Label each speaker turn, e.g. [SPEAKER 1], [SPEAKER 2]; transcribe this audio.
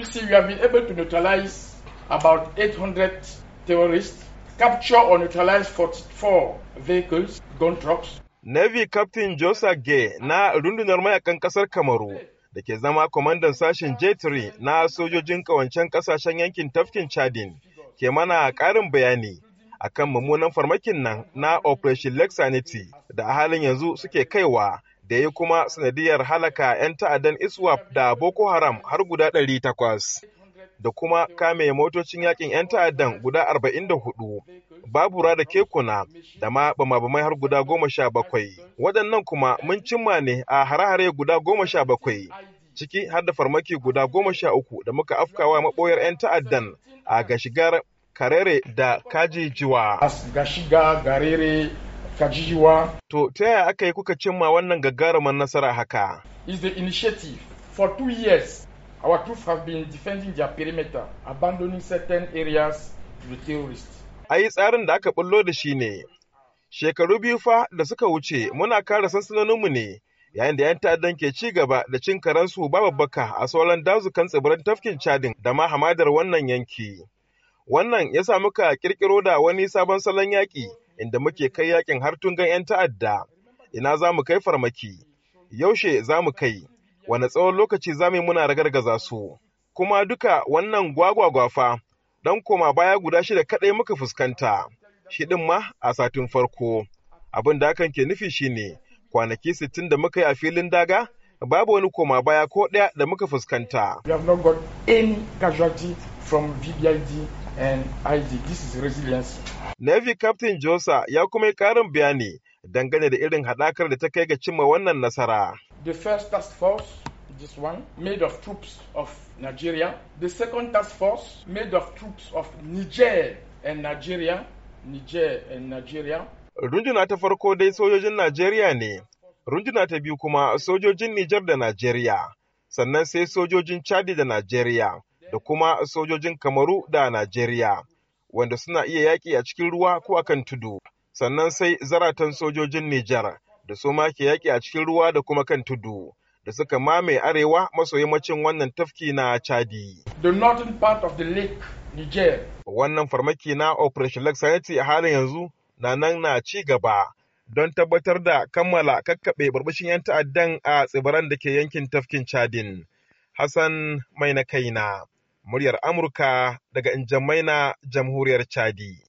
[SPEAKER 1] You see we have been able to neutralize about 800 terrorists, capture
[SPEAKER 2] or neutralize 44 vehicles, gun trucks. Navy Captain Josa Gay na rundunar mayakan kasar Kamaru da ke zama kwamandan sashen J3 na sojojin kawancen kasashen yankin tafkin Chadin ke mana ƙarin bayani akan mummunan farmakin nan na Operation Lexanity da a halin yanzu suke kaiwa da ya kuma sanadiyar halaka 'yan ta'addan iswap da boko haram har guda 800 da kuma kame motocin yakin 'yan ta'addan guda 44 babura da kekuna da ma bamabamai har guda 17 waɗannan kuma mun cimma ne a hare guda 17 ciki har da farmaki guda 13 da muka afkawa maɓoyar 'yan ta'addan a gashigar karere da kaji jiwa. Gashiga garere ka To, ta yaya aka yi kuka cimma wannan gagarumar nasara haka?
[SPEAKER 1] Is the initiative for two years our troops have been
[SPEAKER 2] defending their perimeter, abandoning certain areas to the terrorists. A yi tsarin da aka bullo da shi ne, shekaru biyu fa da suka wuce muna kare sansanoninmu ne yayin da 'yan ta'addan ke ci gaba da cin karensu ba babbaka a sauran dazukan tsibirin tafkin cadin da ma hamadar wannan yanki. Wannan ya sa muka kirkiro da wani sabon salon yaƙi inda muke kai yakin har tungan 'yan ta'adda ina za mu kai farmaki yaushe za mu kai wani tsawon lokaci za mu yi muna ragargaza su kuma duka wannan gwagwagwafa don koma baya guda shi da kaɗai muka fuskanta shi ɗin ma a satin farko abin da hakan ke nufi shine kwanaki sittin da muka yi a filin daga babu wani koma baya ko ɗaya da muka fuskanta.
[SPEAKER 1] from VBID and ID. This is resilience.
[SPEAKER 2] Navy Captain Josa ya kuma yi ƙarin bayani dangane da irin haɗakar da ta kai ga cimma wannan nasara.
[SPEAKER 1] The first task force this one made of troops of Nigeria. The second task force made of troops of Niger and Nigeria. Niger and Nigeria.
[SPEAKER 2] Runduna ta farko dai sojojin Najeriya ne, runduna ta biyu kuma sojojin Nijar da Najeriya, sannan sai sojojin Chadi da Najeriya, kuma sojojin Kamaru da Najeriya, wanda suna iya yaƙi a cikin ruwa ko a kan tudu, sannan sai zaratan sojojin Nijar da su ma ke yaƙi a cikin ruwa da kuma kan tudu. da suka mamaye arewa maso yammacin wannan tafki na Chadi. The northern part of the lake, Niger. Wannan farmaki na Operation Lake Sanity a halin yanzu na nan na ci gaba don tabbatar da kammala kakkaɓe barbashin 'yan ta'addan a tsibiran da ke yankin tafkin Chadin. Hassan mai na kaina, Muryar Amurka daga N'jamena, Jamhuriyar Chadi.